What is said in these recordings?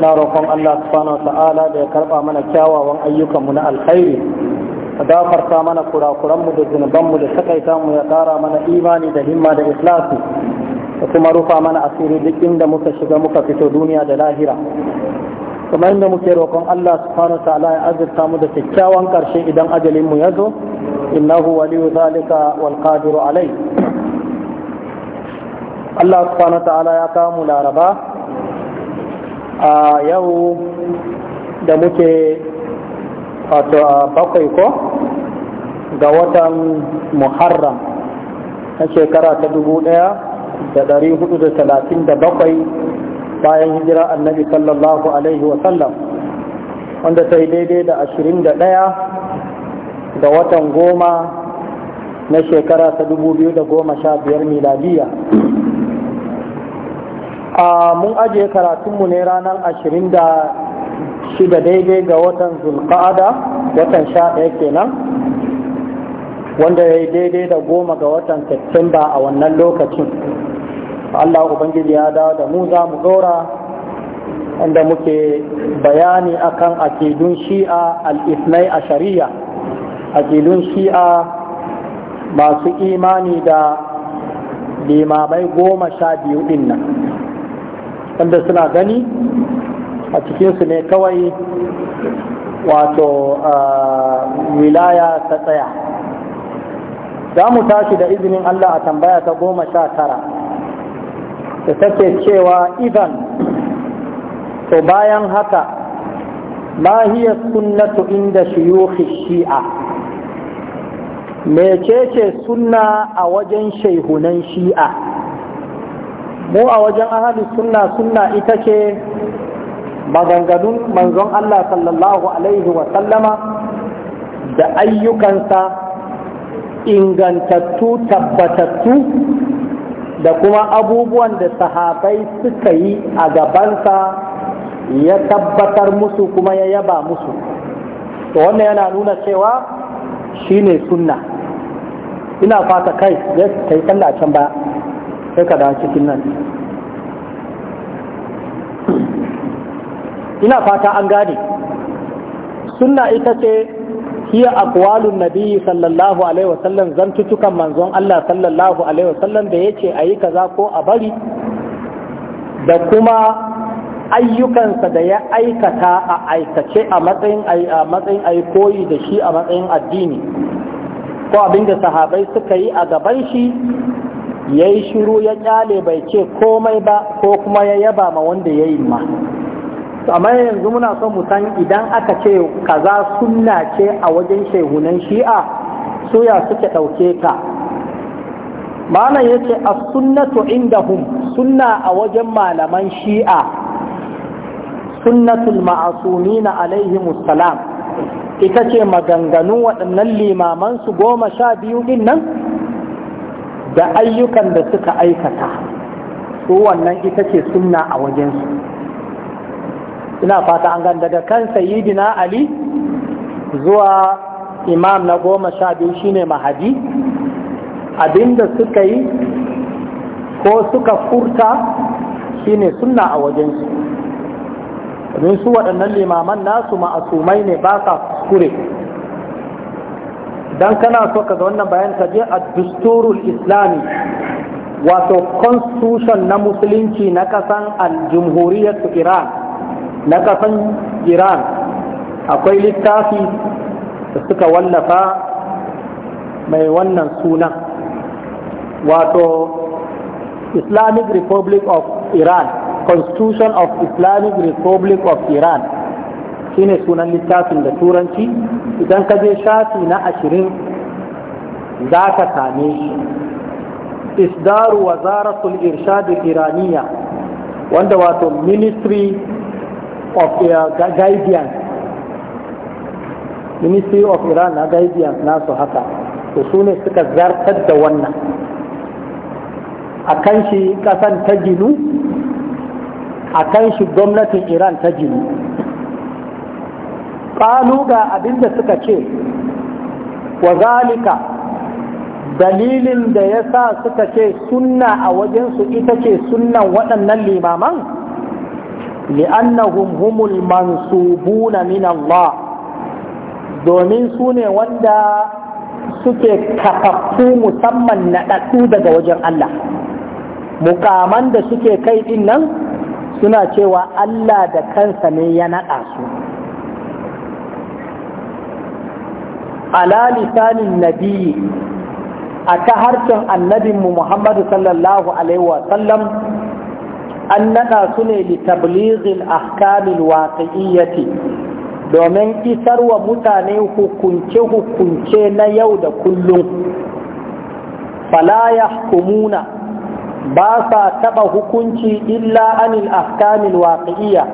na roƙon Allah subhanahu wa ta'ala da ya karɓa mana kyawawan ayyukanmu na alkhairi ka gafarta mana kurakuranmu da mu da takaita mu ya ƙara mana imani da himma da ikhlasi da kuma rufa mana asiri duk inda muka shiga muka fito duniya da lahira kuma inda muke roƙon Allah subhanahu wa ta'ala ya azurta mu da kyakkyawan ƙarshe idan ajalin mu ya zo innahu waliyu zalika wal qadiru alai Allah subhanahu wa ta'ala ya kawo mu laraba a yau da muke wato a bakwai ko ga watan muharram na shekara ta dubu ɗaya da dari hudu da talatin da bakwai bayan hijira annabi sallallahu alaihi wasallam wanda ta yi daidai da ashirin da ɗaya ga watan goma na shekara ta dubu biyu da goma sha biyar miladiya mun ajiye karatun mu ne ranar ashirin daidai ga watan zulqa'ada watan sha'a kenan wanda ya yi daidai da goma ga watan Satumba a wannan lokacin Allah Ubangiji ya dawo da mu za mu dora inda muke bayani akan akidun shi'a al ithnai a shari'a akidun shi'a masu imani da limamai goma sha biyu ɗin wanda suna gani a cikinsu ne kawai wato wilaya ta tsaya za mu tashi da izinin Allah a tambaya ta goma sha tara da take cewa idan to bayan haka ma sunnatu inda shiyuhi shi'a mecece suna a wajen shaihunan shi'a mu a wajen ahali sunna sunna ita ce maganganun manzon Allah sallallahu alaihi wasallama da ayyukansa ingantattu tabbatattu da kuma abubuwan da sahabai suka yi a gabansa ya tabbatar musu kuma ya yaba musu to wannan yana nuna cewa shine sunna ina fata kai ya kai sallah can ba sai ka da cikin nan ina fata an gane sunna ita ce hiya aqwalun nabi sallallahu alaihi wasallam zantutukan manzon Allah sallallahu alaihi wasallam da yace ayi kaza ko a bari da kuma ayyukansa da ya aikata a aikace a matsayin a matsayin ayi koyi da shi a matsayin addini ko abinda da sahabai suka yi a gaban shi ya yi shiru ya kyale bai ce komai ba ko kuma ya yaba ma wanda ya yi ma amma yanzu muna son mu idan aka ce kaza sunna ce a wajen shehunan shi'a suya suke ɗauke ta ma'ana ya ce a sunnatu hum sunna a wajen malaman shi'a sunnatul ma'asumina alaihi musalam ita ce maganganun waɗannan limaman su goma sha biyu din nan da ayyukan da suka aikata su wannan ita ce sunna a wajensu ina fata an gan daga kan sayyidina ali zuwa imam na goma sha biyu shine mahadi abinda suka yi ko suka furta shine sunna a wajensu domin su waɗannan limaman nasu ma'asumai ne ba sa kuskure dan kana so ka ga wannan bayan ka je a dusturul islami wato constitution na musulunci na kasan aljumhuriyar iran na kasan iran akwai littafi da suka wallafa mai wannan sunan wato islamic republic of iran constitution of islamic republic of iran shine sunan littafin da turanci idan ka je shafi na ashirin za ka same shi isdaru zaratul irshad iraniya wanda wato ministry of guidance ministry of iran na guidance nasu haka to su suka zartar da wannan a kan shi kasan ta ginu a kan shi gwamnatin iran ta ginu ƙalu ga abinda suka ce wa dalilin da ya sa suka ce sunna a wajensu ita ce sunnan waɗannan limaman li'annahum humul mansubuna min Allah domin su ne wanda suke kafaffu musamman naɗaɗɗu daga wajen Allah mukaman da suke kai ɗin nan suna cewa Allah da kansa ne ya naɗa su ala lisanin nabi a ta harshen annabinmu Muhammadu sallallahu alaihi wa sallam an naɗa su ne li tablighil ahkamil waqi'iyyati domin wa mutane hukunce-hukunce na yau da kullum fala yahkumuna ba sa taɓa hukunci illa anil ahkamil waqi'iyya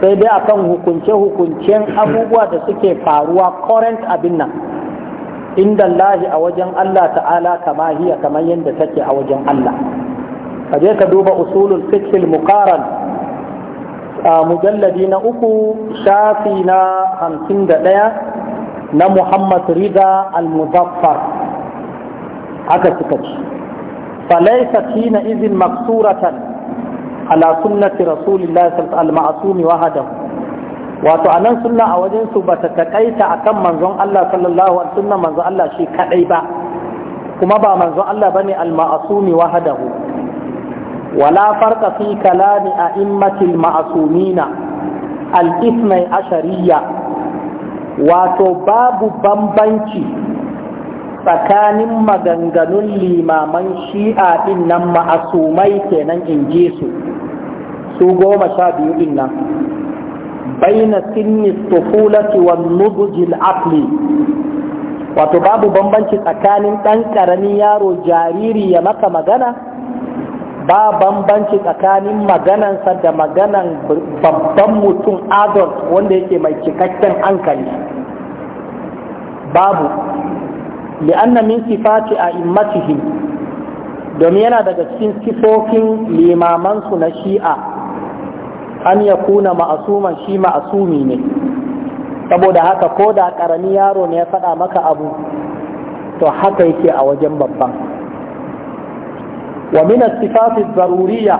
sai dai akan hukunce-hukuncen abubuwa da suke faruwa current abin nan inda lahi a wajen Allah ta'ala kama hiya kamar yadda take a wajen Allah ka je ka duba usulul fikil muqaran a mujalladi na uku shafi na hamsin da ɗaya na Muhammad Rida al-Muzaffar haka suka ce falaisa na izin maksuratan ala sunnati rasulillahi sallallahu alaihi wasallam wato anan sunna a wajen su bata takaita akan manzon Allah sallallahu alaihi wasallam manzon Allah shi kadai ba kuma ba manzon Allah bane al-ma'sumi wahadahu. wala farqa fi kalami a'immatil ma'sumina al-ithnai ashariyya wato babu bambanci tsakanin maganganun limaman shi'a din nan ma'asumai kenan in ji su su goma sha biyu ɗin nan baina sinni tufulati wa nubujil afli wato babu bambanci tsakanin ɗan ƙaramin yaro jariri ya maka magana ba bambanci tsakanin maganansa da maganan babban mutum adult wanda yake mai cikakken hankali babu li'anna min sifati a immatihim domin yana daga cikin sifofin limamansu na shi'a an ya kuna ma'asuman shi ma'asumi ne saboda haka ko da ƙarami yaro ne ya faɗa maka abu to haka yake a wajen babban wa min sifati zaruriya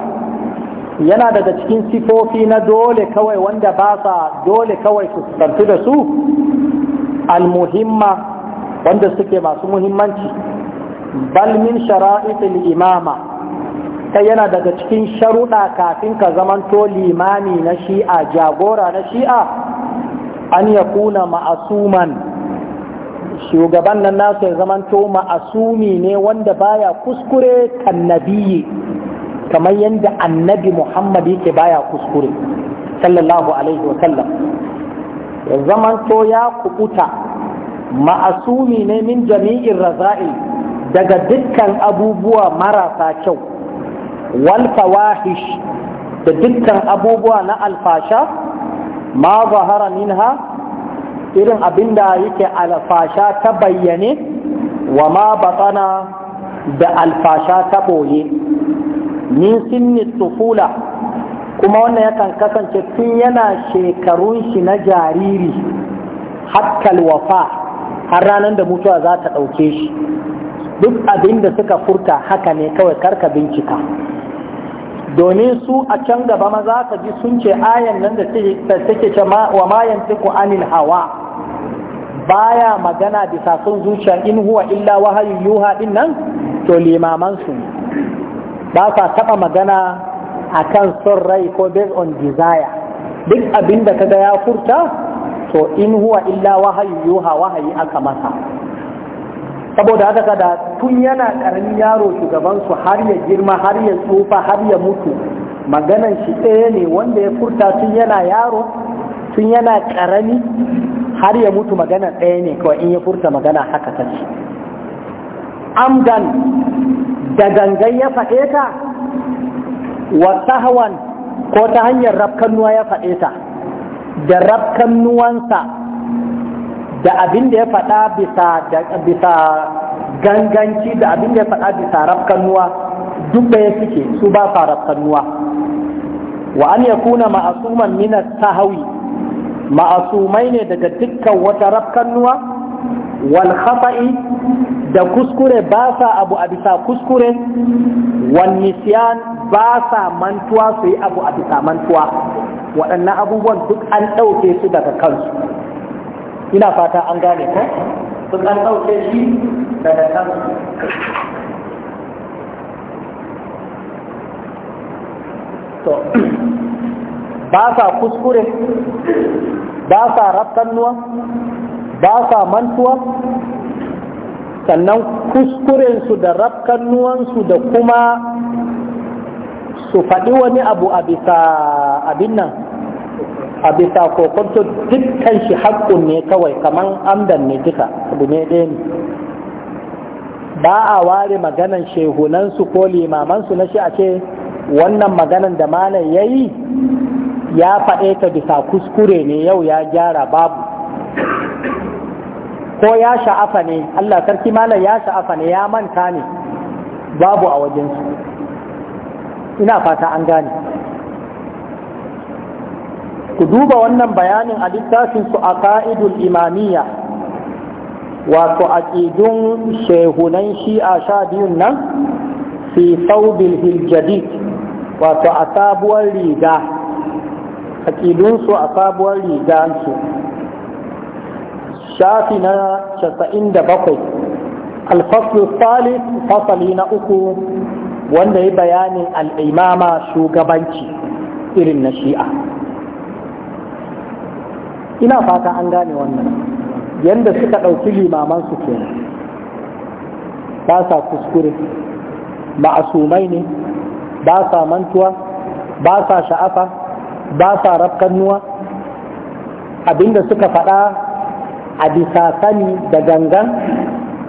yana daga cikin sifofi na dole kawai wanda ba sa dole kawai su da su al-muhimma wanda suke masu muhimmanci bal min shara'itil imama ta yana daga cikin sharuɗa kafin ka zamanto limami na shi'a jagora na shi'a an ya kuna ma'asuman shugaban nan nasu ya zamanto ma'asumi ne wanda baya kuskure kan kamar yadda annabi muhammad yake baya kuskure sallallahu alaihi wa sallam ya to ya kubuta ma'asumi ne min jami'in raza'i daga dukkan abubuwa marasa kyau wal fawahish da dukkan abubuwa na alfasha ma zahara minha irin abinda yake alfasha ta bayyane wa ma batana da alfasha ta boye min sinni Tufula kuma wannan yakan kasance tun yana shekarun shi na jariri hakkal wafa har ranar da mutuwa za ta ɗauke shi duk abin da suka furta haka ne kawai karka bincika domin su a can gaba ma za ka ji sun ce ayan nan da take ce wa mayan tiku anil hawa baya magana bisa sun zuciya in huwa illa wahayu yuha din nan to limaman su ne ba sa taba magana akan son rai ko based on desire duk abin da kaga ya furta to in huwa illa wahayi yuha wahayi aka masa saboda haka kada tun yana karamin yaro shugaban su har ya girma har ya tsufa har ya mutu maganan shi ɗaya ne wanda ya furta tun yana yaro tun yana karami har ya mutu magana ɗaya ne kawai in ya furta magana haka ta ce amdan da gangan ya faɗe ta wa hawan ko ta hanyar rafkannuwa ya faɗe ta da rabkannuwansa da abin da ya faɗa bisa ganganci da abin da ya faɗa bisa rabkannuwa duk da ya suke su ba sa rabkannuwa wa an ya kuna ma'asuman ta hawi, ma'asumai ne daga dukkan wata rabkannuwa wal khata'i da kuskure ba sa abu a bisa kuskure wani siyan ba sa mantuwa su yi abu a bisa mantuwa waɗannan abubuwan duk an ɗauke su daga kansu ina fata an gane ko duk an ɗauke shi daga kansu ba sa kuskure ba sa rafkannuwa ba sa mantuwa sannan kuskurensu da rafkannuwansu da kuma su faɗi wani abu a bisa abin nan a bisa kokonto dukkan shi haƙƙun ne kawai kamar amdan ne duka abu ne ɗaya ne ba a ware maganan shehunansu ko limamansu na shi a ce wannan maganan da malam ya yi ya faɗe ta bisa kuskure ne yau ya gyara babu ko ya sha'afa ne Allah sarki malam ya sha'afa ne ya manta ne babu a wajensu ina fata an gane ku duba wannan bayanin a littafinsu a ka'idul imamiyya wato aƙidun shehunan shi'a sha biyun nan fi saubil hiljadid wato a sabuwar riga aƙidunsu a sabuwar rigansu shafi na casa'in bakwai, alfaslu salis fasali na uku wanda ya bayanin al'imama shugabanci irin na shi'a ina fata an gane wannan yadda suka ɗauki limamansu ke ba sa kuskure ma'asumai ne ba sa mantuwa ba sa sha'afa ba sa rafkannuwa abinda suka faɗa a bisa sani da gangan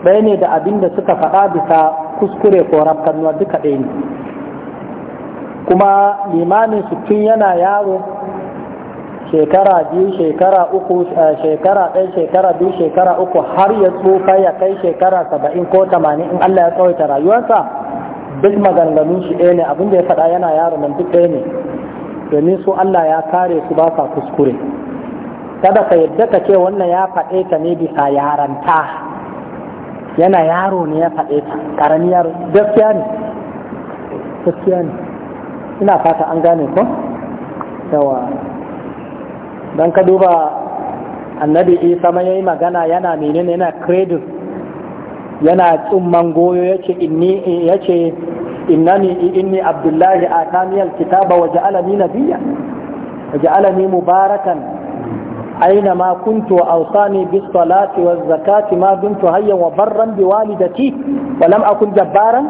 ɗaya ne da abin da suka faɗa bisa kuskure ko rafkanuwa duka ɗaya ne kuma limamin su tun yana yaro shekara biyu shekara uku eh, shekara ɗaya shekara biyu shekara uku har ya tsufa ya kai shekara saba'in ko tamanin in Allah ya tsawaita rayuwarsa duk maganganun shi ɗaya ne abin da ya faɗa yana yaro nan duk ɗaya ne domin su Allah ya kare su ba sa kuskure kada ka yadda ka ce wannan ya faɗe ta ne bisa yaranta yana yaro ne ya faɗe ta ƙarami yaro gaskiya ne gaskiya ne ina fata an gane ko yawa don ka duba annabi isa ma yayi magana yana menene yana credit yana tsumman goyo yace inni yace innani inni abdullahi a kamiyar kitaba wa ja'alani biya? wa ja'alani mubarakan aina ma kuntu wa awsani bis salati waz zakati ma dumtu hayyan wa barran bi walidati wa lam akun jabbaran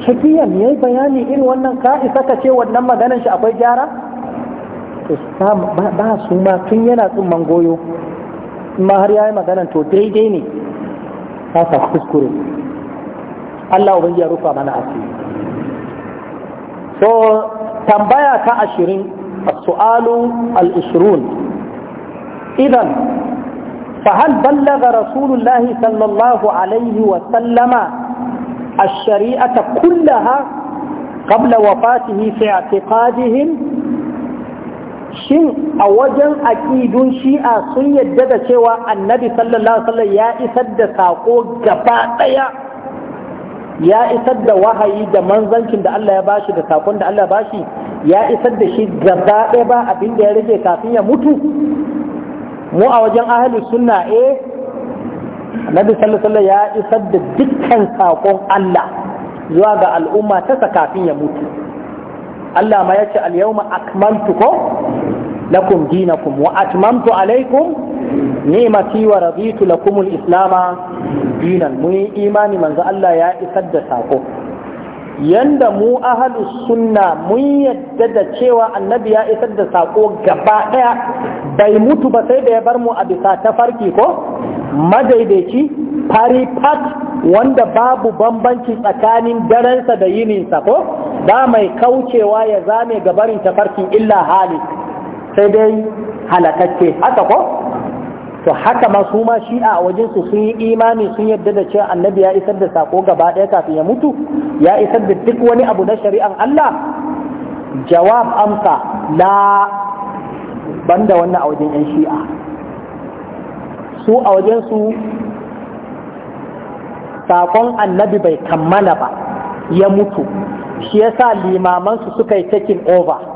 shakiyan yayi bayani irin wannan ka isa ka ce wannan maganar akwai gyara to ba su ma tun yana tsumman goyo ma har yayi maganar to daidai ne ka sa kuskure Allah ubangiji ya rufa mana asiri so tambaya ta ashirin السؤال العشرون idan fahal ballaga rasulullahi sallallahu alaihi wa sallama ash-shari'ata kullaha qabla wafatihi fi i'tiqadihim shin a wajen aƙidun shi'a sun yadda da cewa annabi sallallahu alaihi ya isar da saƙo gaba ɗaya ya isar da wahayi da manzancin da Allah ya bashi da saƙon da Allah ya bashi ya isar da shi gaba ɗaya ba abin da ya rage kafin ya mutu mu a wajen ahli sunna e eh, nabi sallallahu ya isar da dukkan sakon Allah zuwa ga al'umma ta kafin ya mutu Allah ma yace al-yawma akmaltu ko lakum dinakum wa atmamtu alaikum ni'mati wa raditu lakum al-islama dinan mu imani manzo Allah ya isar da sako yanda mu ahalus sunna mun yadda da cewa annabi ya isar da sako gaba daya bai mutu ba sai da ya bar mu a bisa tafarki ko madaidaici fari pat wanda babu bambanci tsakanin darensa da yininsa ko ba mai kaucewa ya zame gabarin tafarkin illa hali sai dai halakakke haka ko to haka ma su ma shi'a a wajen su sun yi imani sun yadda da cewa annabi ya isar da sako gaba ɗaya kafin ya mutu ya isar da duk wani abu na shari'an Allah jawab amsa la banda wannan a wajen yan shi'a su a wajen su sakon annabi bai kammala ba ya mutu shi yasa limaman su suka yi taking over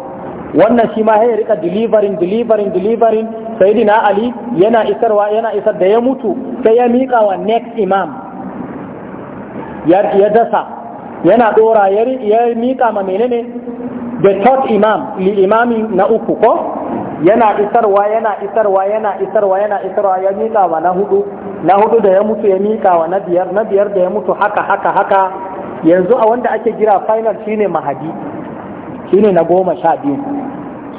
wannan shi ma ya rika delivering delivering delivering sayyidina ali yana isarwa yana isar da ya mutu sai ya mika wa next imam ya dasa yana dora ya mika ma menene the third imam li imami na uku ko yana isarwa yana isarwa yana isarwa yana isarwa ya mika wa na hudu na hudu da ya mutu ya mika wa na biyar na biyar da ya mutu haka haka haka yanzu a wanda ake jira final shine mahadi ne na goma sha biyu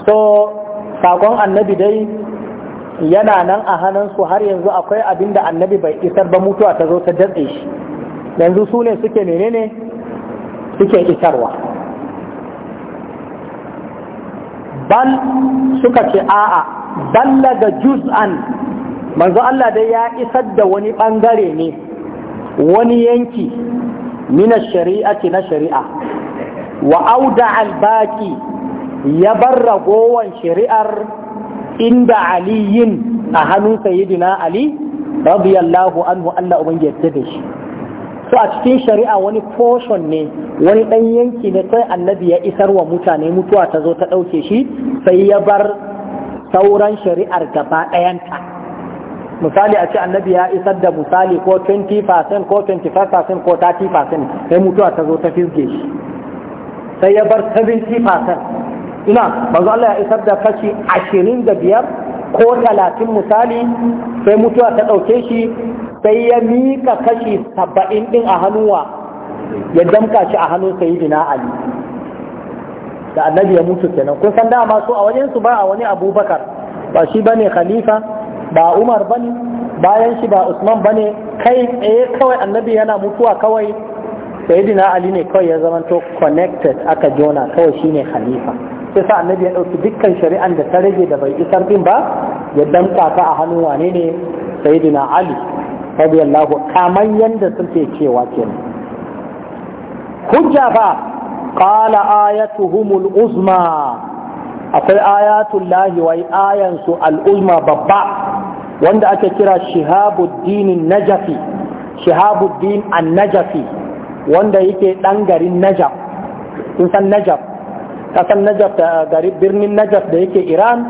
so sakon annabi dai yana nan a hannunsu har yanzu akwai abin da annabi bai isar ba mutuwa ta zo ta datse shi yanzu su ne suke menene suke isarwa bal suka ce a'a ballaga an, manzo Allah dai ya isar da wani bangare ne wani yanki mina shari'ati na shari'a wa auda albaki ya bar ragowan shari'ar inda aliyin a hannun sayidina ali radiyallahu anhu Allah ubangiji da shi so a cikin shari'a wani portion ne wani dan yanki ne sai annabi ya isar wa mutane mutuwa ta zo ta dauke shi sai ya bar sauran shari'ar gaba dayanta, misali a ce annabi ya isar da misali ko 20% ko 25% ko 30% sai mutuwa ta zo ta fizge shi sai ya bar 70% ina manzo Allah ya isar da kashi 25 ko 30 misali sai mutuwa ta ɗauke shi sai ya mika kashi 70 ɗin a hannuwa ya damka shi a hannun sayyidina Ali da annabi ya mutu kenan kun san dama su a wajen su ba a wani Abubakar ba shi ne khalifa ba Umar ne bayan shi ba Usman bane kai tsaye kawai annabi yana mutuwa kawai sayyidina ali ne kawai ya to connected aka jona kawai shine khalifa sai sa annabi ya dauki dukkan shari'an da ta rage da bai isar din ba ya danka ta a hannun wane ne sayyidina ali radiyallahu kamar yanda suke cewa kenan hujja fa qala ayatuhumul uzma akwai ayatul lahi wai ayan su al uzma babba wanda ake kira shihabuddin najafi shihabuddin an najafi wanda yake ɗan garin najaf kun san najaf kasan najaf da gari birnin najaf da yake iran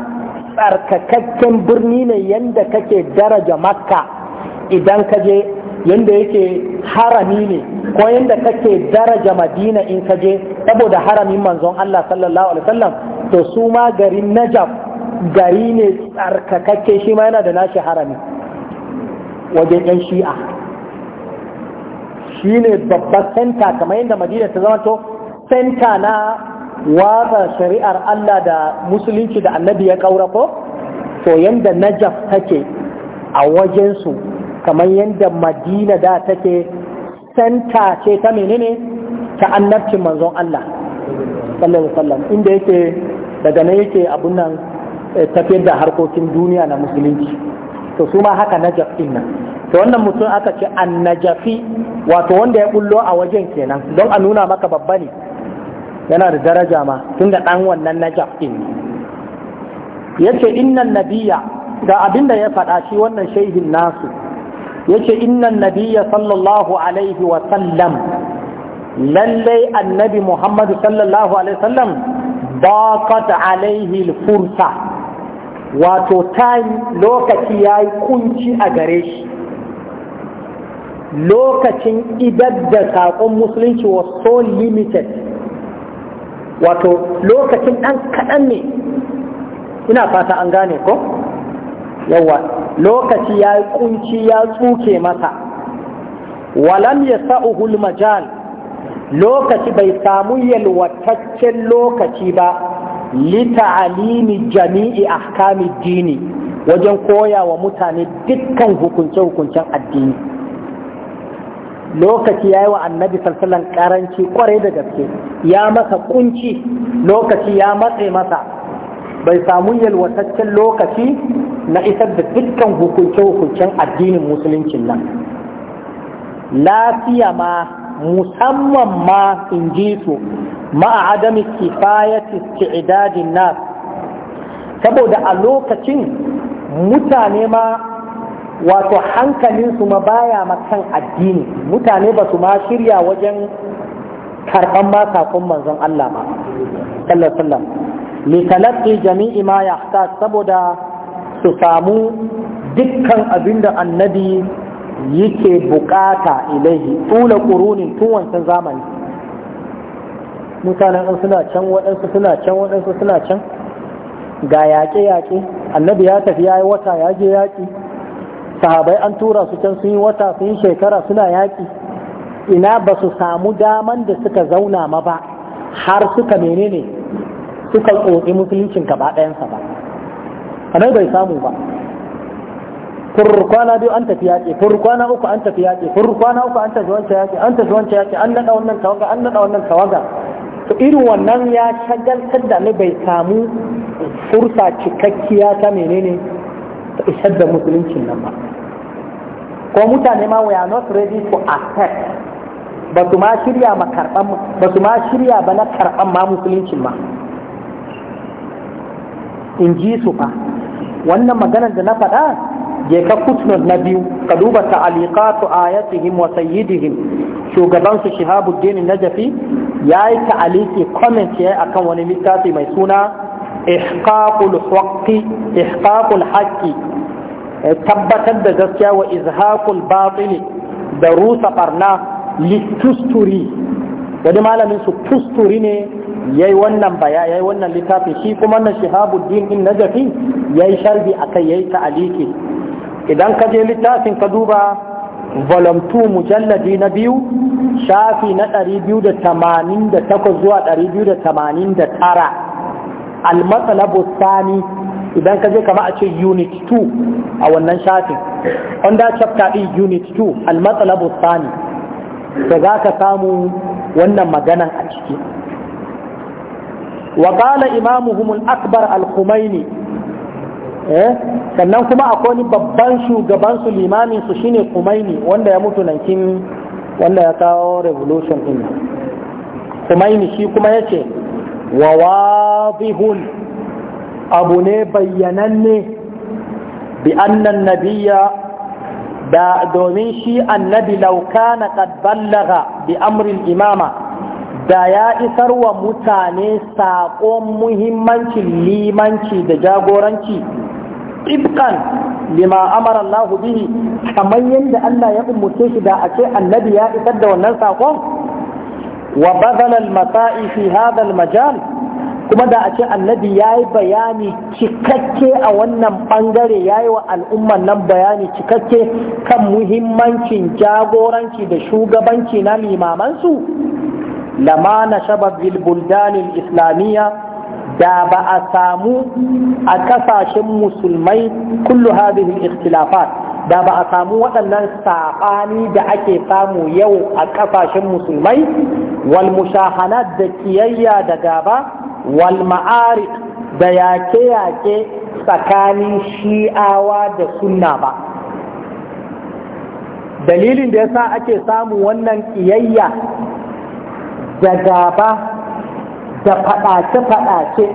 tsarkakakken birni ne yadda kake daraja makka idan ka je yanda yake harami ne ko yadda kake daraja madina in ka je saboda haramin manzon allah sallallahu alaihi wasallam to su ma garin najaf gari ne tsarkakakke shi ma yana da nashi harami wajen yan shi'a Shi ne babbar senta kamar yadda madina ta zama to senta na watsa shari'ar Allah da musulunci da annabi ya kaura ko to yadda najaf take a wajensu kamar yadda madina da take senta ce ta menene ta annabcin manzon Allah sallallahu sallam inda yake daga nan yake abun nan eh, tafiyar da harkokin duniya na musulunci to su ma haka najaf din nan to wannan mutum aka ce an najafi wato wanda ya bullo a wajen kenan don a nuna maka babba ne yana da daraja ma tun da ɗan wannan najaf din ya ce innan nabiya da abin da ya faɗa shi wannan shaihin nasu ya ce innan nabiya sallallahu alaihi wa sallam lallai annabi muhammadu sallallahu alaihi wa sallam baqat alaihi fursa wato time lokaci ya yi kunci a gare shi lokacin idar da saƙon musulunci was so limited wato lokacin ɗan kaɗan ne ina fata an gane ko yawa lokaci ya yi kunci ya tsuke masa walam ya sa'uhul majal lokaci bai samu yalwataccen lokaci ba lita'alimi jami'i ahkami dini wajen koyawa mutane dukkan hukunce-hukuncen addini lokaci ya yi wa annabi salsalan karanci kwarai da gaske ya masa kunci lokaci ya matse masa bai samu yalwataccen lokaci na isar da dukkan hukunce-hukuncen addinin musuluncin nan lafiya ma musamman ma in ji su ma'a adami kifayati isti'dadin saboda a lokacin mutane ma wato hankalinsu ma baya makan addini mutane ba su ma shirya wajen karɓan ma sakon manzon Allah ba sallallahu sallam litalaqi jami'i ma saboda su samu dukkan abinda annabi yake bukata ilaihi tula ƙurunin tun wancan zamani mutanen an suna can waɗansu suna can waɗansu suna can ga yaƙe-yaƙe annabi ya tafi ya yi wata ya je yaƙi sahabai an tura su can sun yi wata sun yi shekara suna yaƙi ina ba su samu daman da suka zauna ma ba har suka menene suka tsotsi musuluncin gaba ɗayansa ba annabi bai samu ba fur kwana biyu an tafi yaƙi fur kwana uku an tafi yaƙi fur kwana uku an tafi wancan yaƙi an tafi wancan yaƙi an naɗa wannan tawaga an naɗa wannan tawaga to irin wannan ya shagaltar da ni bai samu fursa cikakkiya ta menene ta isar da musuluncin nan ba ko mutane ma we are not ready to accept ba su ma shirya ma karɓan ba su ma shirya ba na karɓan ma musuluncin ma in ji su fa wannan maganar da na faɗa je ka kutu na biyu ka duba ta'aliqatu ayatihim wa sayyidihim shugaban su Shihabuddin Najafi yayi ta'aliki comment yayi akan wani littafi mai suna ihqaqul haqqi ihqaqul haqqi eh, tabbatar da gaskiya wa izhaqul batil da rusa barna litusturi wani malamin su tusturi ne yayi wannan baya yayi wannan littafin shi kuma na shihabuddin najafi yayi sharbi akan yayi ta'aliki idan ka je littafin ka duba volume 2 mujalladi na biyu shafi na 288 zuwa 289 al-matsalabu sani idan ka je kama a ce unit 2 a wannan shafin Wanda chapter e unit 2 al-matsalabu sani da za ka samu wannan maganan a ciki وقال إمامهم الأكبر الخميني Eh? sannan kuma akwai wani babban shugaban su limamin su shine kumaini wanda ya mutu kin, wanda ya kawo revolution din kumaini shi kuma ya ce wa wadihun abu ne bayyananne bi annan nabiya da domin shi annabi lauka kad ballaga bi amrin imama da ya isar wa mutane saƙon muhimmancin limanci da jagoranci طبقا لما Allah الله به كما يند ألا يقوم مستشدا أشيء النبي يا wannan sako? وبذل المساء في هذا المجال kuma da a ce annabi ya yi bayani cikakke a wannan bangare ya yi wa al'umman nan bayani cikakke kan muhimmancin jagoranci da shugabanci na limamansu lama na shabar buldanil islamiyya da ba a samu a kasashen musulmai kullu hadhihi ikhtilafat da ba a samu waɗannan saɓani da ake samu yau a ƙasashen musulmai wal mushahanat da kiyayya da gaba wal ma'arik da yake-yake tsakanin shi'awa da sunna ba dalilin da yasa ake samu wannan kiyayya da gaba da faɗace-faɗace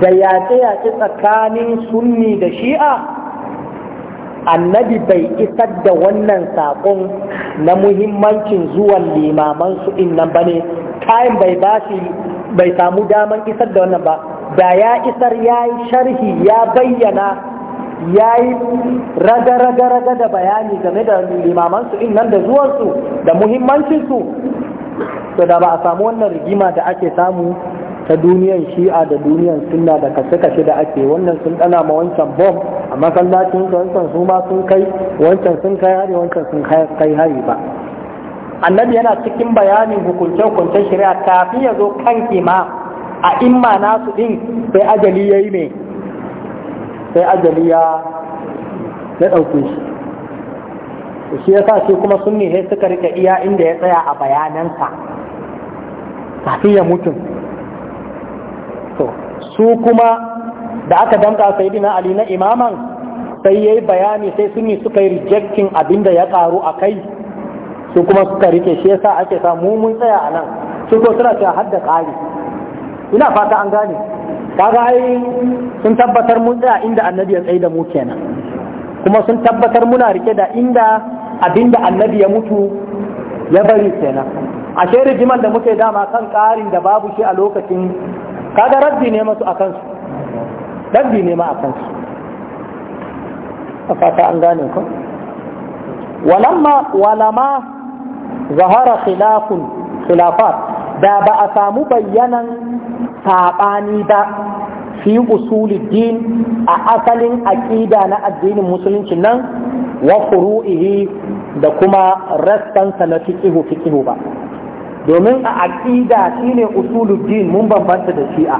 da yaƙe-yaƙe tsakanin sunni da shi'a annabi bai isar da wannan saƙon na muhimmancin zuwan limaman su nan ba ne kayan bai shi bai samu daman isar da wannan ba da ya isar ya yi sharhi ya bayyana ya yi raga-raga-raga da bayani game da su in nan da zuwansu da muhimmancinsu to da ba a samu wannan rigima da ake samu ta duniyan shi'a da duniyan sunna da kashe-kashe da ake wannan sun dana ma wancan bom a masallacin wancan su ma sun kai wancan sun kai hari wancan sun kai hari ba annabi yana cikin bayanin hukunce-hukuncen shari'a kafin ya zo kan kima a imma nasu din sai ajali ya yi ne sai ajali ya ɗauke shi shi ya sa shi kuma sunni sai suka rike iya inda ya tsaya a bayanansa kafin ya mutum to su kuma da aka danka sayidina ali na imaman sai ya yi bayani sai sunni suka yi rejectin abin da ya karu a kai su kuma suka rike shi yasa ake sa mu mun tsaya a nan su ko suna cewa hadda ƙari ina fata an gane kaga ai sun tabbatar mun tsaya inda annabi ya tsaye da mu kenan kuma sun tabbatar muna rike da inda abinda annabi ya mutu ya bari kenan a shi rijiman da muke dama kan ƙarin da babu shi a lokacin kaga rabbi ne masu a kansu rabbi ne ma a kansu a fata an gane ku walamma walama zahara khilafun khilafat da ba a samu bayyanan saɓani ba fi usuluddin a asalin aƙida na addinin musulunci nan wa furu'ihi da kuma rassansa na fikihu fikihu ba domin a aƙida shine usuluddin mun bambanta da shi'a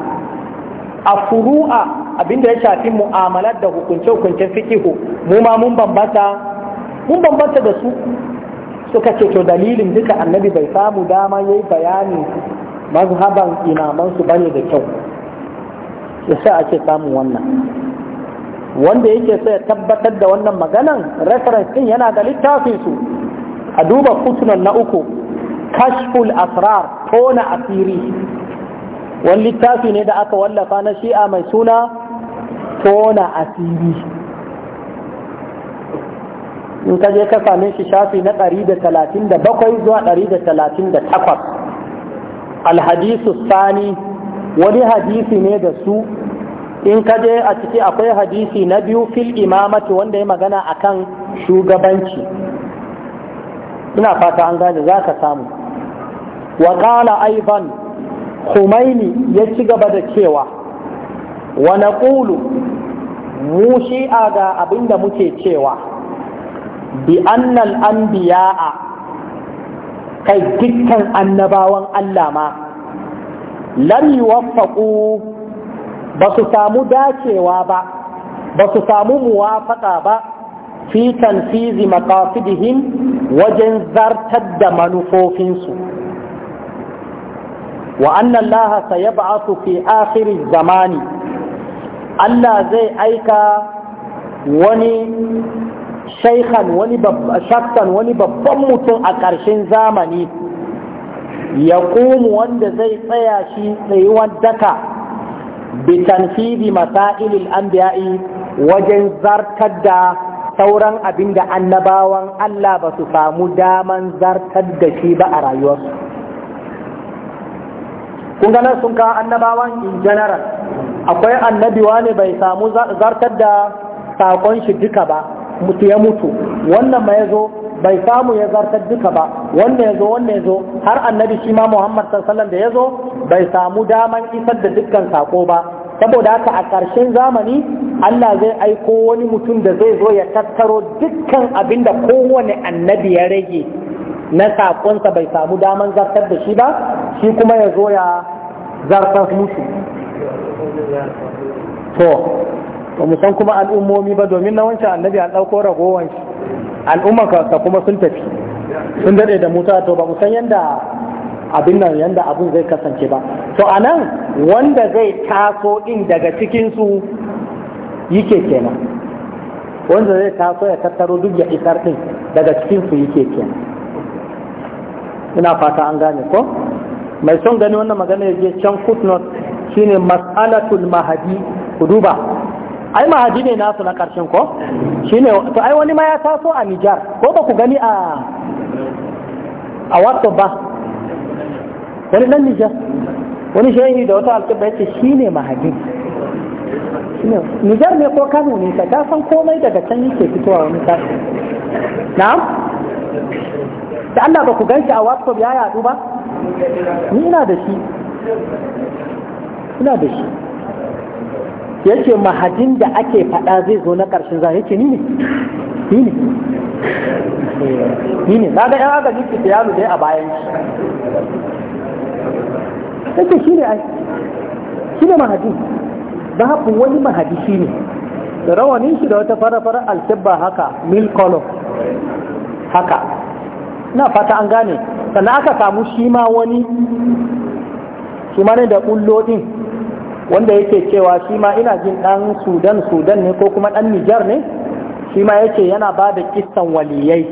a furu'a abinda ya shafi mu'amalar da hukunce-hukuncen fikihu mu ma mun bambanta mun bambanta da su suka ce to dalilin duka annabi bai samu dama ya yi bayani mazhaban imamansu bane da kyau yasa ake samun wannan wanda yake sai tabbatar da wannan maganan reference din yana da littafinsu a duba kutunan na uku kashful asrar tona asiri wani littafi ne da aka wallafa na shi'a mai suna tona asiri in ka je ka same shi shafi na 137 zuwa 138 alhadisu sani wani hadisi ne da su in ka je a ciki akwai hadisi na biyu fil imamati wanda ya magana akan shugabanci ina fata an gane za ka samu wa qala Kumaini ya ci gaba da cewa wa naqulu mu shi'a ga abinda muke cewa bi annal a. kai dukkan annabawan Allah ma lam yuwaffaqu ba su samu dacewa ba ba su samu muwafaqa ba fi tanfizi maqasidihim wajen zartar da manufofinsu wa annan laha sayab'athu fi akhiri zamani Allah zai aika wani wani babban mutum a ƙarshen zamani ya ƙumu wanda zai tsaya shi tsayuwan daka bitanfidi masailil anbiya'i wajen zartar da sauran abin da annabawan Allah ba su samu daman zartar da shi ba a rayuwarsu kun ganar sun kawo annabawan in general akwai annabi wani bai samu zartar da sakon shi duka ba mutu ya mutu wannan ma ya zo bai samu ya zartar duka ba wannan ya zo wannan ya har annabi shi ma muhammad sallallahu da ya zo bai samu daman isar da dukkan sako ba saboda haka a karshen zamani Allah zai aiko wani mutum da zai zo ya tattaro dukkan abinda da kowane annabi ya rage na saƙonsa bai samu daman zartar da shi ba shi kuma ya zo ya zartar musu to ba mu san kuma al'ummomi ba domin na wancan annabi an ɗauko ragowar shi ka kuma sun tafi sun daɗe da musa to ba mu san yadda abin nan yadda abin zai kasance ba to a nan wanda zai taso in daga cikinsu yake kenan wanda zai taso ya tattaro duk ya isar ɗin daga cikinsu yake kenan ina fata an gane ko mai son gani wannan magana ya je can footnote shine mas'alatul mahadi ku duba ai mahadi ne nasu na karshen ko shine to ai wani ma ya taso a Nijar ko ba ku gani a a ba wani dan Nijar wani shehi da wata alƙibba yace shine mahadi Nijar ne ko Kano ne ka san komai daga can yake fitowa wani tashi na'am da Allah ba ku gan shi a whatsapp ya yadu ba ni ina da shi ina da shi yace mahadin da ake faɗa zai zo na ƙarshen za yake ni ne ni ne ni ne na ga yan agaji ki ya dai a bayan shi yace shi ne ai shi ne mahadin babu wani mahadi shi ne rawanin shi da wata fara-fara alkebba haka mil color haka na fata an gane sannan aka samu shi ma wani shi ma ne da ƙullo ɗin wanda yake cewa shi ma ina jin ɗan sudan sudan ne ko kuma ɗan nijar ne shi ma yake yana ba da kistan waliyai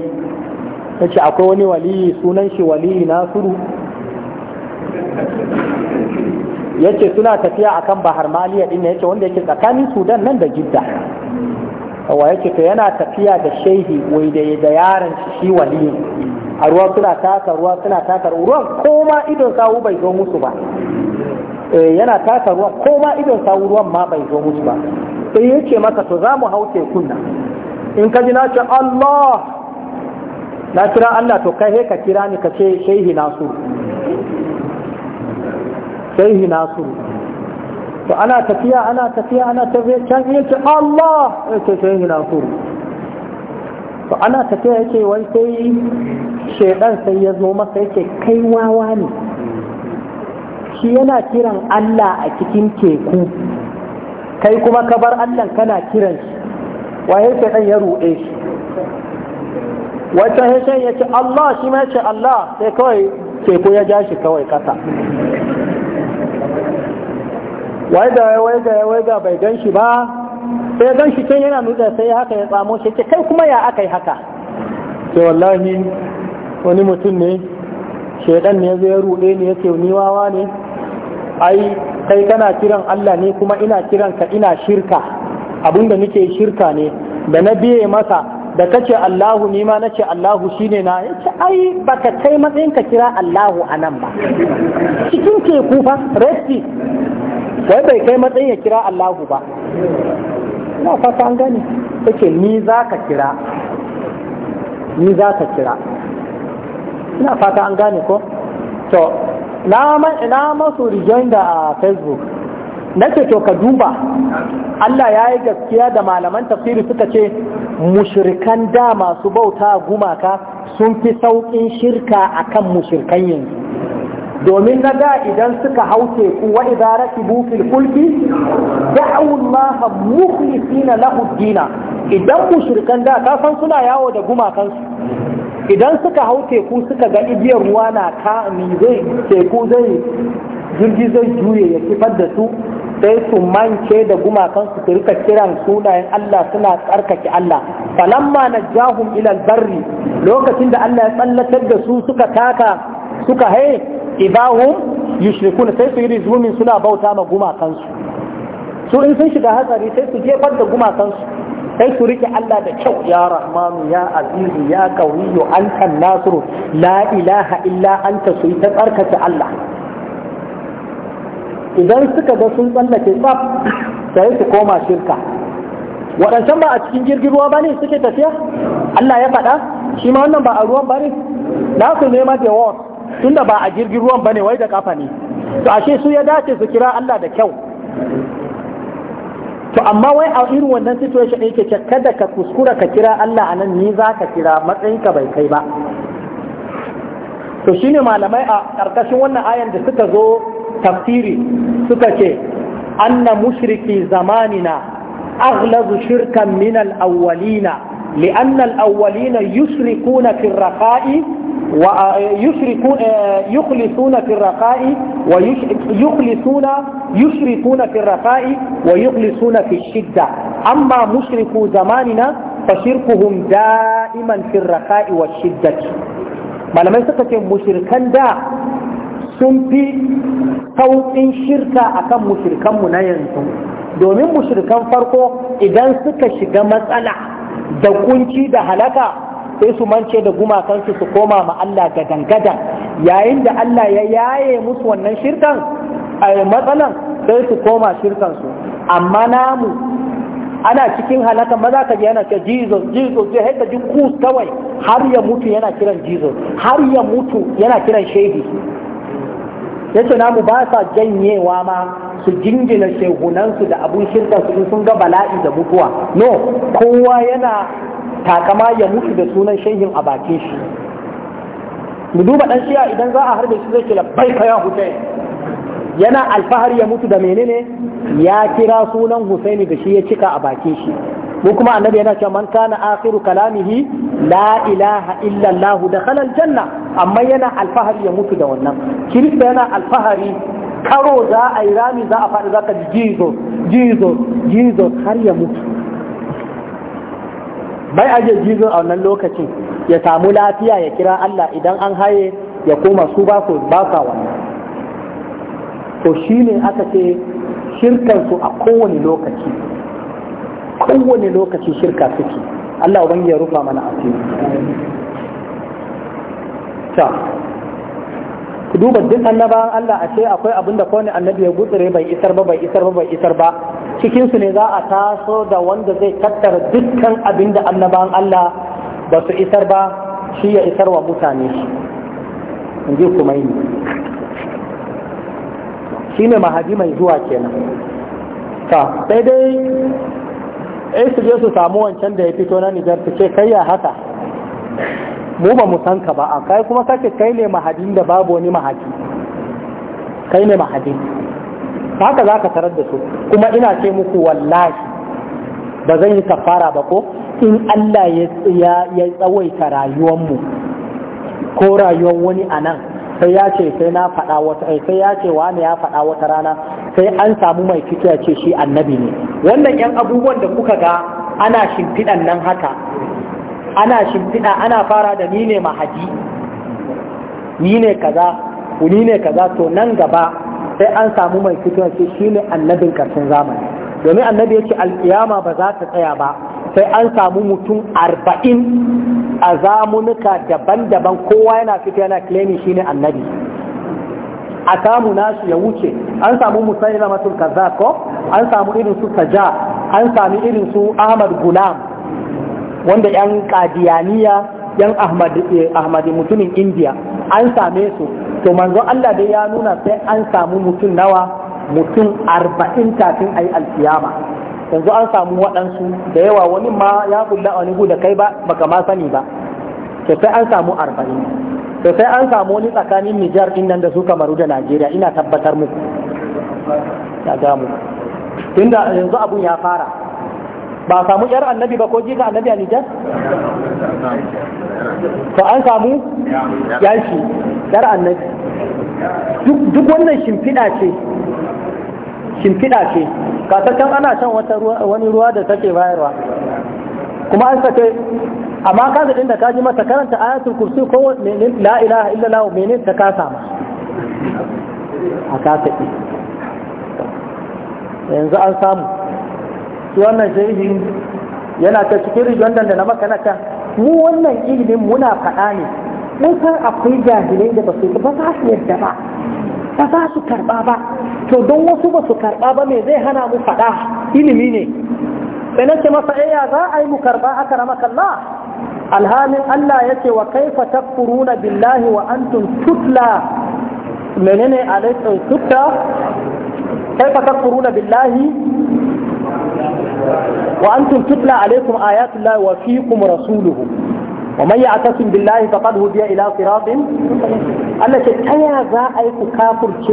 ya ce akwai wani waliyi sunan shi waliyi nasiru ya ce suna tafiya akan bahar maliya ɗin ya ce wanda yake tsakanin sudan nan da jidda wa yake to yana tafiya da shehi wai da yaran shi waliyin a ruwa suna taka ruwa suna taka ruwan ko ma idon sawu bai zo musu ba eh, yana taka ruwa ko ma idon sawu ruwan ma bai zo musu ba sai yake maka to za mu hau tekun na. in ka ji na ce Allah na kira Allah to kai ka kira ni ka ce shehi nasu shehi nasu to ana tafiya ana tafiya ana tafiya can yake Allah ya ce shehi nasu to ana tafiya yake wai sai shaidan sai ya zo masa yake kai wawa ne shi yana kiran Allah a cikin teku kai kuma ka bar Allah kana kiran shi waye shaidan ya ruɗe shi wata hashen ya ce Allah shi ma ce Allah sai kawai teku ya ja kawai kasa wai da wai da wai da bai gan shi ba sai gan shi can yana nutsa sai haka ya tsamo shi ce kai kuma ya aka yi haka sai wallahi wani mutum ne shaidan ne zai ruɗe ne yake ni wawa ne ai kai kana kiran Allah ne kuma ina kiran ka ina shirka abinda nake shirka ne da na biye masa da kace Allahu ni ma nace Allahu shine na yace ai baka kai matsayin ka kira Allahu anan ba cikin teku fa resti wai bai kai matsayin ya kira Allahu ba ina fata an gani take ni za ka kira ni za ka kira ina fata an gane ko to na masu rejoinder a facebook na ce to ka duba Allah ya yi gaskiya da malaman tafsiri suka ce mushrikan da masu bauta gumaka sun fi sauƙin shirka akan mushrikan yanzu domin na da idan suka hau teku wa idza rakibu fil fulki da'u Allah mukhlisina lahu dina idan shirkan da ka san suna yawo da gumakansu idan suka hau teku suka ga igiyar ruwa na ka mi zai teku zai jirgi zai juye ya kifar da su sai su mance da gumakansu su rika kiran sunayen Allah suna tsarkake Allah falamma najahum ilal albarri lokacin da Allah ya tsallatar da su suka taka suka hai idahum yushrikuna sai su yi rizumin suna bauta ma gumakansu su in sun shiga hatsari sai su jefar da gumakansu sai su rike Allah da kyau ya rahmanu ya azizu ya an anta nasiru la ilaha illa anta su yi ta tsarkace Allah idan suka ga sun tsallake tsaf sai su koma shirka waɗancan ba a cikin jirgin ruwa ba ne suke tafiya Allah ya faɗa shi ma wannan ba a ruwan ba ne na su nema da tunda ba a jirgin ruwan bane wai da kafa ne to ashe su ya dace su kira Allah da kyau to amma wai a irin wannan situation yake ce kada ka kuskura ka kira Allah a nan ni za ka kira matsayinka bai kai ba to shine malamai a ƙarƙashin wannan ayan da suka zo tafsiri suka ce anna mushriki zamanina aghlazu shirkan min al-awwalina li'anna al-awwalina yushrikuna fi rafai ويشركون يخلصون في الرخاء ويخلصون يشركون في الرخاء ويخلصون في الشدة أما مشرك زماننا فشركهم دائما في الرخاء والشدة ما لما يستطيع مشركا دا سنفي صوت شركة أكم مشركا منينتم domin mushrikan farko idan suka shiga matsala da kunci da halaka sai su mance da gumakansu su koma ma Allah gadan-gadan yayin da Allah ya yaye musu wannan shirkan a matsalan sai su koma shirkansu amma namu ana cikin halaka maza ka ji yana cewa jesus jesus ya haika ji kus kawai har ya mutu yana kiran jesus har ya mutu yana kiran shehi yace namu ba sa janyewa ma su jingina shehunansu da abun shirka su sun ga bala'i da mutuwa no kowa yana takama ya mutu da sunan shehin a bakin shi mu duba dan shiya idan za a harbe shi zai ce labbaika kaya yana alfahari ya mutu da menene ya kira sunan husaini da shi ya cika a bakin shi mu kuma annabi yana cewa man kana akhiru kalamihi la ilaha illa allah dakhala aljanna amma yana alfahari ya mutu da wannan kirista yana alfahari karo za a yi rami za a faɗi za ka ji jesus jesus jesus har ya mutu bai aje jizon a wannan lokacin ya samu lafiya ya kira Allah idan an haye ya koma su ba su ba sa wannan to ne aka ce shirkan su a kowane lokaci kowane lokaci shirka suke Allah ubangiji ya rufa mana asiri ta ku duba duk annabawan Allah a ce akwai abinda kowane annabi ya gutsure bai isar ba bai isar ba bai isar ba cikinsu ne za a taso da wanda zai tattara dukkan abin da annabawan Allah ba su isar ba shi ya isar wa mutane shi in ji kuma yi shi ne mahadi mai zuwa kenan ta sai dai ai eh, su je su samu wancan da ya fito na nijar su ce kai ya haka mu ba mu san ka ba a kai kuma kake kai ne mahajin da babu wani mahadi kai ne mahajin haka za ka tarar da su kuma ina ce muku wallahi ba zan yi kafara ba ko in Allah ya tsawaita rayuwanmu ko rayuwar wani a nan sai ya ce sai na faɗa wata eh, sai ya ce wani ya faɗa wata rana sai an samu mai fitiya ce shi annabi ne wannan yan abubuwan da kuka ga ana shimfiɗan nan haka ana shimfiɗa ana fara da ni ne mahadi ni kaza ni ne kaza to nan gaba sai an samu mai fitowa ce ne annabin karshen zamani domin annabi ya ce alkiyama ba za ta tsaya ba sai an samu mutum arba'in a zamunuka daban-daban kowa yana fito yana shi ne annabi a samu nasu ya wuce an samu musayi ramatul kaza ko an samu irin su saja an sami irin su ahmad gulam wanda yan kadiyaniya yan ahmadi eh, mutumin indiya an same su to manzo Allah dai ya nuna sai an samu mutum nawa mutum arba'in kafin a yi alkiyama yanzu an samu waɗansu da yawa wani ma ya kulla wani kai ba baka ma sani ba to sai an samu arba'in to sai an samu wani tsakanin Nijar din nan da su Kamaru da Najeriya ina tabbatar muku ta gamu tunda yanzu abun ya fara ba samu yar annabi ba ko jika annabi a Nijar? to an samu yashi yar annabi duk wannan shimfiɗa ce shimfiɗa ce kasashen ana shan wani ruwa da take bayarwa kuma an sake amma ka zaɗin da ka ji masa karanta ayatul kursi ko la ilaha illallah menene ta kasa ma a kasa yanzu an samu wannan shahidi yana ta cikin rijondan da na makanaka mu wannan ilimin muna faɗa ne mun san akwai jahilai da ba su ba za su yadda ba ba za su karɓa ba to don wasu ba su karɓa ba me zai hana mu faɗa ilimi ne sai nake masa ayya eh, za a yi mu karɓa aka rama kalla? alhalin Allah ya ce wa kaifa takfuruna billahi wa antum tutla menene alaikum tutta kaifa takfuruna billahi wa antum tutla alaikum ayatullahi wa fiikum rasuluhu wa man ya'tasim billahi faqad hudiya ila siratin Allah ce ta za a yi ku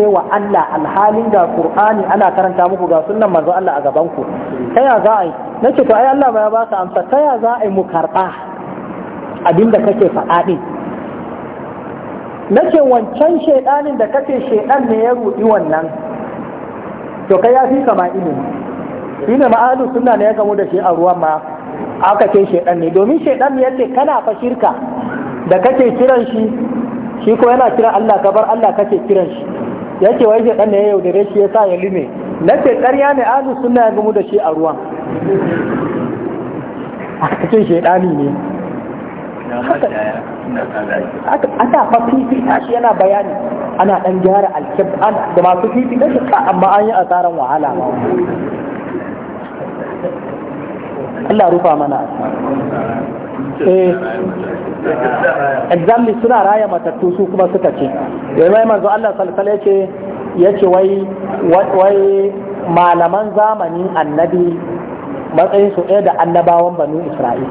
wa Allah alhalin ga Qur'ani ana karanta muku ga sunnan manzo Allah a gaban ku nace to ai Allah ba ya ba amsa ta za a mu karba abinda kake nace wancan shaidanin da kake shaidan ne ya rudi wannan to kai ya fi kama shi ne ma'alu suna ne ya gamu da shi a ruwan ma aka ce shaidan ne domin shaidan ne ce kana fa shirka da kake kiran shi shi ko yana kiran Allah ka bar Allah kake kiran shi yace wai shaidan ne ya yaudare shi ya sa ya lime na ce ƙarya ne alu suna ya gamu da shi a ruwan aka ce shaidan ne ana fa fifita shi yana bayani ana dan gyara alkib da masu fifita shi amma an yi asaran wahala Allah rufa mana eh exactly suna raya matattu su kuma suka ce yau mai manzo Allah sallallahu alaihi ya ce wai wai malaman zamanin annabi matsayin su ɗaya da annabawan banu Isra'il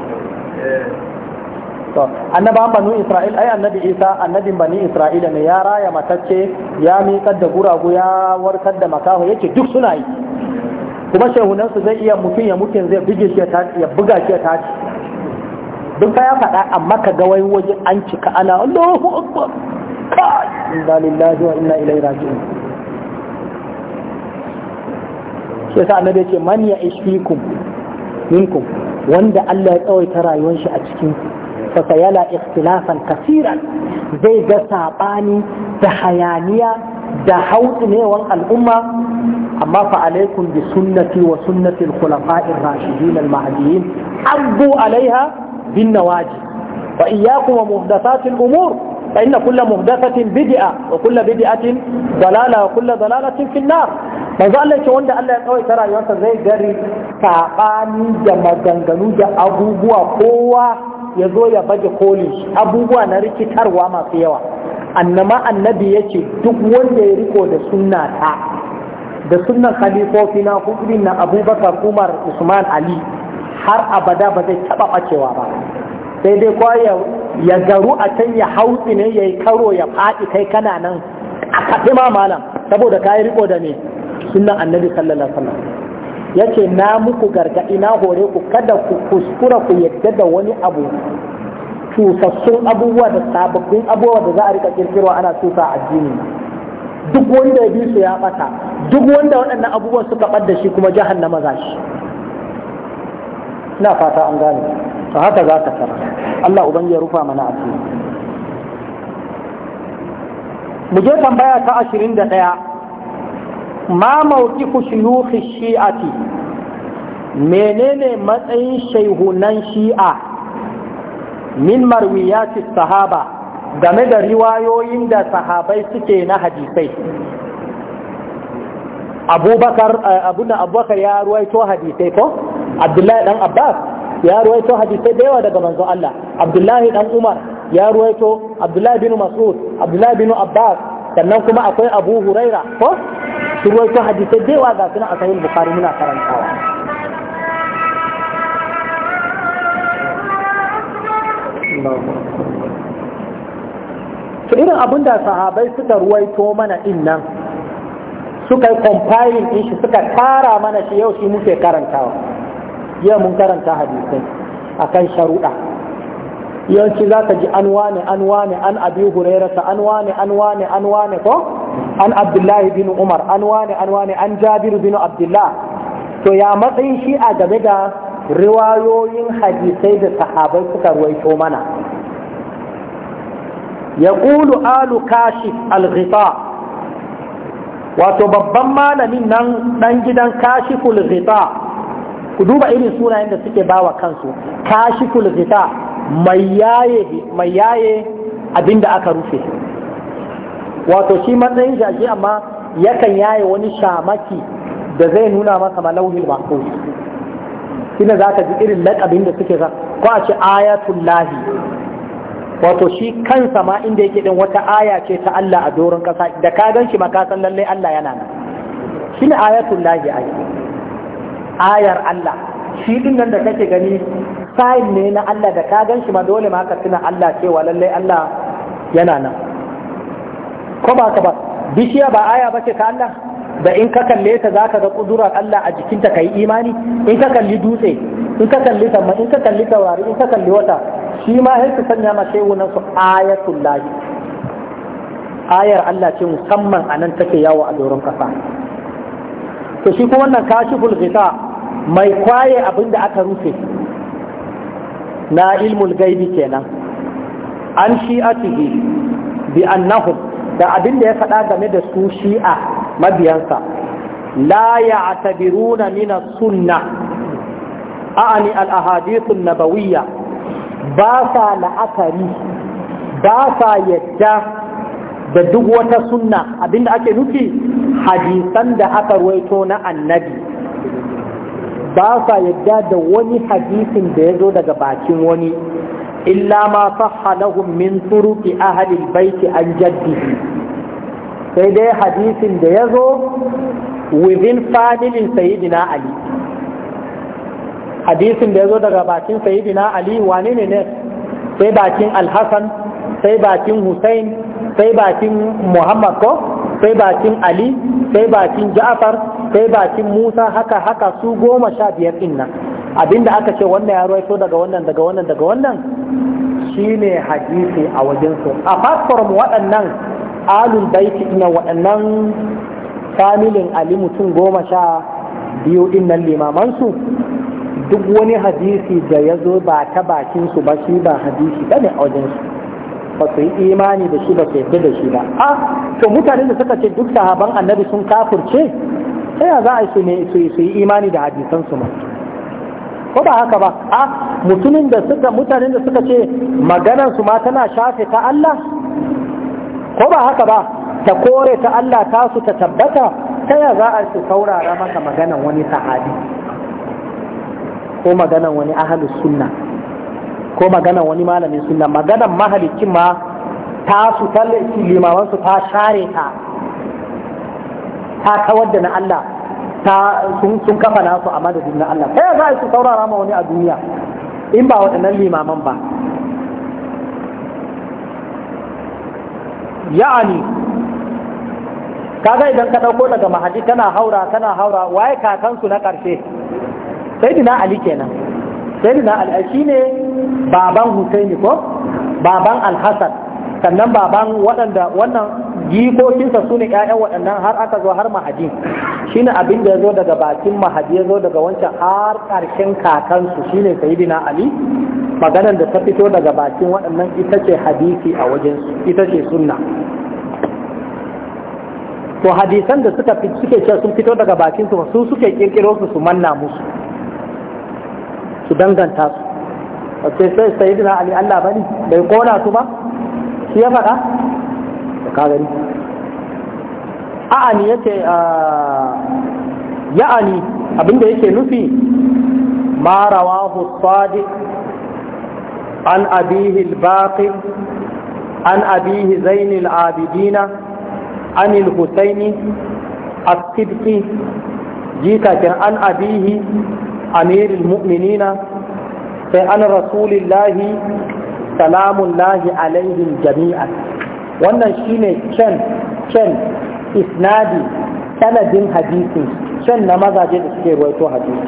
to annabawan banu Isra'il ai annabi Isa annabin bani Isra'ila ne ya raya matacce ya miƙar da guragu ya warkar da makaho yace duk suna yi kuma shehunansu zai iya mutum ya mutum zai buge shi ya buga shi ya tashi duk fa ya faɗa amma ka ga wai waje an cika ana Allahu akbar kai inna lillahi wa inna ilaihi raji'un shi yasa annabi ya ce man ya ishfikum minkum wanda Allah ya tsawaita rayuwar shi a cikin fa sayala ikhtilafan kaseeran zai ga sabani da hayaniya da hautsunewan al'umma amma fa alaikum bi sunnati wa sunnati al-khulafa'i ar-rashidin al-mahdiyyin abdu alaiha bin nawaji wa iyyakum wa muhdathati al-umur fa inna kulla muhdathatin bid'a wa kulla bid'atin dalala wa kulla dalalatin fi an-nar za Allah ce wanda Allah ya tsawaita rayuwarsa zai gari sabani da maganganu da abubuwa kowa ya zo ya baje kolin abubuwa na rikitarwa masu yawa annama annabi ya ce duk wanda ya riko da sunnata. da sunan khalifofi na hukumin na abubakar umar usman ali har abada ba zai taba bacewa ba sai dai kwaya ya garu a can ya hautsi ne ya yi karo ya faɗi kai kana nan a kaɗi ma malam saboda ka yi riko da ne sunan annabi sallallahu alaihi wasallam yace na muku gargaɗi na hore ku kada ku kuskura ku yadda da wani abu tusassun abubuwa da sababbin abubuwa da za a rika kirkirwa ana tusa addini duk wanda ya bi su ya bata duk wanda waɗannan abubuwan suka ɓadda shi kuma jahannama za shi ina fata an gane to haka za ka tara Allah ubangi ya rufa mana asiri mu je tambaya ta 21 ma mawqifu shuyukh shi'ati menene matsayin shaihunan shi'a min marwiyati sahaba game da riwayoyin da sahabai suke na hadisai abubakar eh, abunda abubakar ya ruwaito hadisai ko abdullahi dan abbas ya ruwaito hadisai da yawa daga manzo Allah abdullahi dan umar ya ruwaito abdullahi bin mas'ud abdullahi bin abbas sannan kuma akwai abu huraira ko su ruwaito hadisai da yawa ga suna a sahih bukhari muna karantawa Allahumma to irin abin da sahabai suka ruwaito mana in nan suka yi compiling din shi suka tara mana shi yau shi muke karantawa yau mun karanta hadisai akan sharuɗa yawanci za ka ji an wane an wane an abi hurairata an wane an wane an wane ko an abdullahi bin umar an wane an wane an jabiru bin abdullah to ya matsayin shi a game da riwayoyin hadisai da sahabai suka ruwaito mana yaqulu alu kashif al wato babban malamin nan dan gidan kashiful ghita ku duba irin sunayen da suke bawa kansu kashiful ghita mai yaye abinda aka rufe wato shi matsayin jaji amma yakan yaye wani shamaki da zai nuna masa malauhil mahfuz shine zaka ji irin laƙabin da suke ko a ce ayatullahi. wato shi kansa ma inda yake din wata aya ce ta Allah a doron kasa da ka gan shi ma ka san lalle Allah yana nan shi ne ayatul lahi ayi ayar Allah shi din nan da kake gani sign ne na Allah da ka gan shi ma dole ma ka tuna Allah cewa lalle Allah yana nan ko ba ka ba bishiya ba aya bace ta Allah da in ka kalle ta zaka ga kudurar Allah a jikinta kai imani in ka kalli dutse in ka kalli sama in ka kalli tawari in ka kalli wata shi ma sai su sanya ma shehunan su ayatul lahi ayar Allah ce musamman a nan take yawo a doron kasa to shi kuma wannan kashiful ghita mai kwaye abin da aka rufe na ilmul gaibi kenan an shi'atihi bi annahu. da abin da ya faɗa game da su shi'a mabiyansa la ya'tabiruna min as-sunnah a'ani al-ahadith an-nabawiyya ba sa la'akari ba sa yadda da duk wata sunna abinda ake nufi hadisan da aka ruwaito na annabi ba sa yadda da wani hadisin da ya zo daga bakin wani illa ma sahha lahum min turuqi ahli an jaddihi sai dai hadisin da ya zo within familin sayyidina ali hadisin da ya zo daga bakin sayidina ali wane ne ne sai bakin alhassan sai bakin hussein sai bakin muhammad ko sai bakin ali sai bakin ja'far sai bakin musa haka haka su goma sha biyar din nan abinda aka ce wannan ya rawaito daga wannan daga wannan daga wannan shine hadisi a wajen su apart mu waɗannan alul baiti ina waɗannan familin ali mutum goma sha biyu din nan limaman su duk wani hadisi da ya zo ba ta bakin su ba shi ba hadisi ba ne a wajen su ba su yi imani da shi ba su yi da shi ba a to mutane da suka ce duk sahaban annabi sun kafurce ta ya za a su ne su yi imani da hadisan su ma ko ba haka ba a mutumin da suka mutanen da suka ce maganar su ma tana shafe ta Allah ko ba haka ba ta kore ta Allah tasu ta tabbata ta ya za a su saurara maka maganan wani sahabi ko maganan wani ahalin sunna ko maganan wani malamin sunna maganan mahalikin ma ta su limaman su ta share ta ta kawar da na Allah ta sun kafa nasu a madadin na Allah sai za su saurara ma wani a duniya in ba waɗannan limaman ba ya'ani kaga idan ka ɗauko daga mahadi tana haura tana haura waye kakansu na ƙarshe sayyidina ali kenan sayyidina ali shine baban husaini ko baban al-hasan sannan baban waɗanda wannan jikokinsa su ne ƴaƴan waɗannan har aka zo har mahadi shine abin da ya zo daga bakin mahadi ya zo daga wancan har ƙarshen kakansu shine sayyidina ali maganar da ta fito daga bakin waɗannan ita ce hadisi a wajen ita ce sunna to hadisan da suka suke cewa sun fito daga bakin su su suke kirkiro su su manna musu su danganta su sai sai yi ali Allah bane bai kona su ba shi ya faɗa ah, da kagari a'ani yake ya'ani abinda yake nufi ma rawahu an abihi al-baqi an abihi zainul abidina an al-husaini as-sidqi jika an abihi amirul mu'minina sai an rasulillahi salamun lahi alaihim jami'an wannan shine can can isnadi sanadin hadisin can na mazaje da suke ruwaito hadisi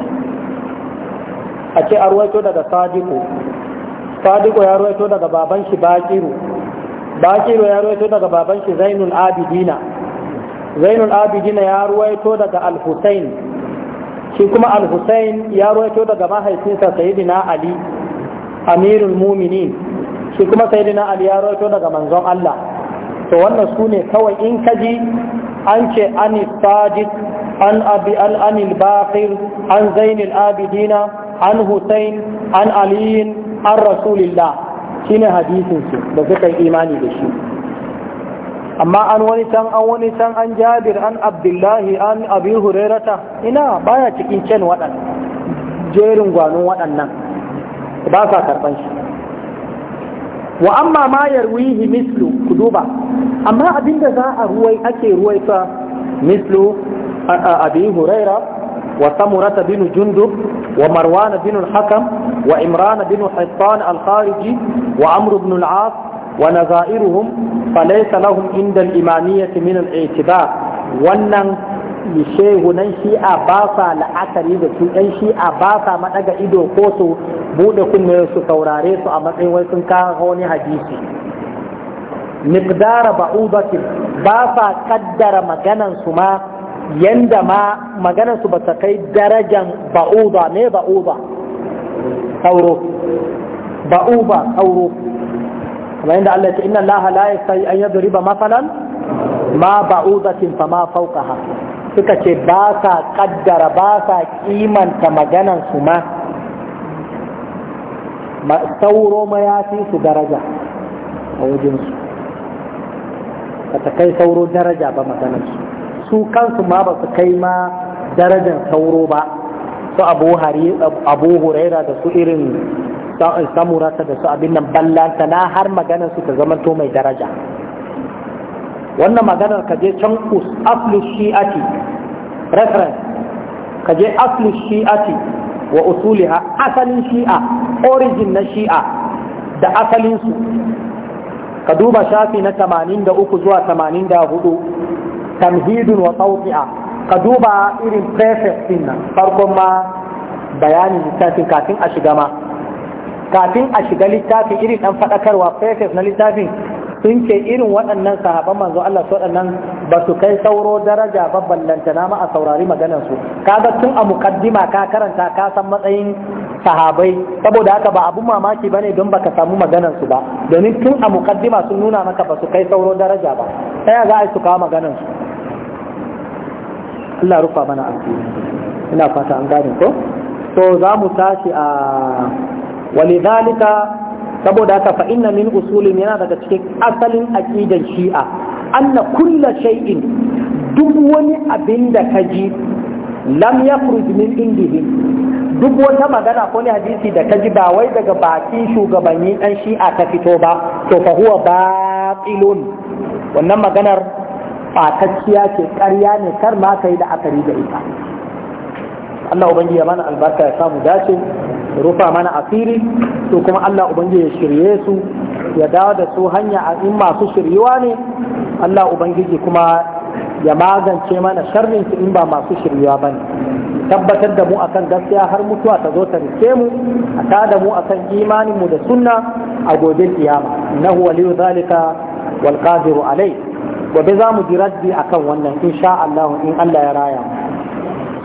a ce a ruwaito daga sadiku sadiku ya ruwaito daga baban shi bakiru bakiru ya ruwaito daga baban shi zainul abidina zainul abidina ya ruwaito daga al-husain shi kuma al-Husayn ya rawaito daga mahaifinsa Sayyidina Ali Amirul Muminin shi kuma Sayyidina Ali ya rawaito daga manzon Allah to wannan su ne kawai in kaji an ce an Sadiq an Abi an Anil Baqir an Zainul Abidina an Husayn an Ali an Rasulillah shine hadisin su da suka yi imani da shi amma an wani san an wani san an jabir an abdullahi an abi hurairata ina baya cikin cen waɗan jerin gwanon waɗannan ba sa karɓan shi wa amma ma yarwihi mislu ku duba amma abinda za a ruwai ake ruwaita mislu abi huraira wa samurata bin Jundu wa marwana bin Hakan wa imrana bin hisan al-khariji wa amru binu al-as wa nazairuhum falaisa lahum inda imaniyyati min al-i'tibar wannan shehunan shi'a ba sa la'akari da su ɗan shi'a ba sa maɗaga ido ko su buɗe kunne su saurare su a matsayin wai sun kawo wani hadisi miqdara ba'udatin ba sa kaddara maganan su ma yanda ma maganan su ba ta kai darajan ba'uba ne sauro ba'uba sauro kamar yadda Allah ya ce inna Allah la yastahi an yadriba masalan ma ba'udatin fa ma fawqaha suka ce ba sa kaddara ba sa kimanta maganan su ma sauro fi su daraja a wajensu ba ta kai sauro daraja ba maganarsu su kansu ma ba su kai ma darajar sauro ba su abu huraira da su irin samurata da su abin nan ballanta na har maganar su ta zamanto mai daraja wannan maganar ka je can aflus shi'ati reference ka je aflus shi'ati wa usuliha asalin shi'a origin na shi'a da asalin su ka duba shafi na 83 zuwa 84 tamhidun wa tawfi'a ka duba irin preface din nan farkon ma bayanin littafin kafin a shiga ma kafin a shiga littafi irin dan fadakarwa preface na littafin sun ce irin waɗannan sahaban manzo Allah su waɗannan ba su kai sauro daraja ba ballanta na ma a saurari maganar su kaga tun a muqaddima ka karanta ka san matsayin sahabai saboda haka ba abun mamaki bane don baka samu maganar su ba domin tun a muqaddima sun nuna maka ba su kai sauro daraja ba sai za a su kawo maganar su Allah rufa mana asiri ina fata an gane ko to za mu tashi a walidhalika saboda haka fa inna min usulin yana daga cikin asalin aqidan shi'a anna kulla shay'in duk wani abin da ka ji lam yakhruj min indihi duk wata magana ko ne hadisi da ka ji ba wai daga baki shugabanni dan shi'a ta fito ba to fa huwa batilun wannan maganar fatacciya ce ƙarya ne kar ma kai da akari da ita Allah ubangiji ya mana albarka ya samu dace rufa mana asiri to kuma Allah ubangiji ya shirye su ya dawo da su hanya a in masu shiryuwa ne Allah ubangiji kuma ya magance mana sharrin su in ba masu shiryuwa ba ne tabbatar da mu akan gaskiya har mutuwa ta zo ta rike mu a ta da mu akan imanin mu da sunna a gobe kiyama wali waliyu zalika wal qadiru alai gobe za mu ji raddi akan wannan insha Allah in Allah ya raya mu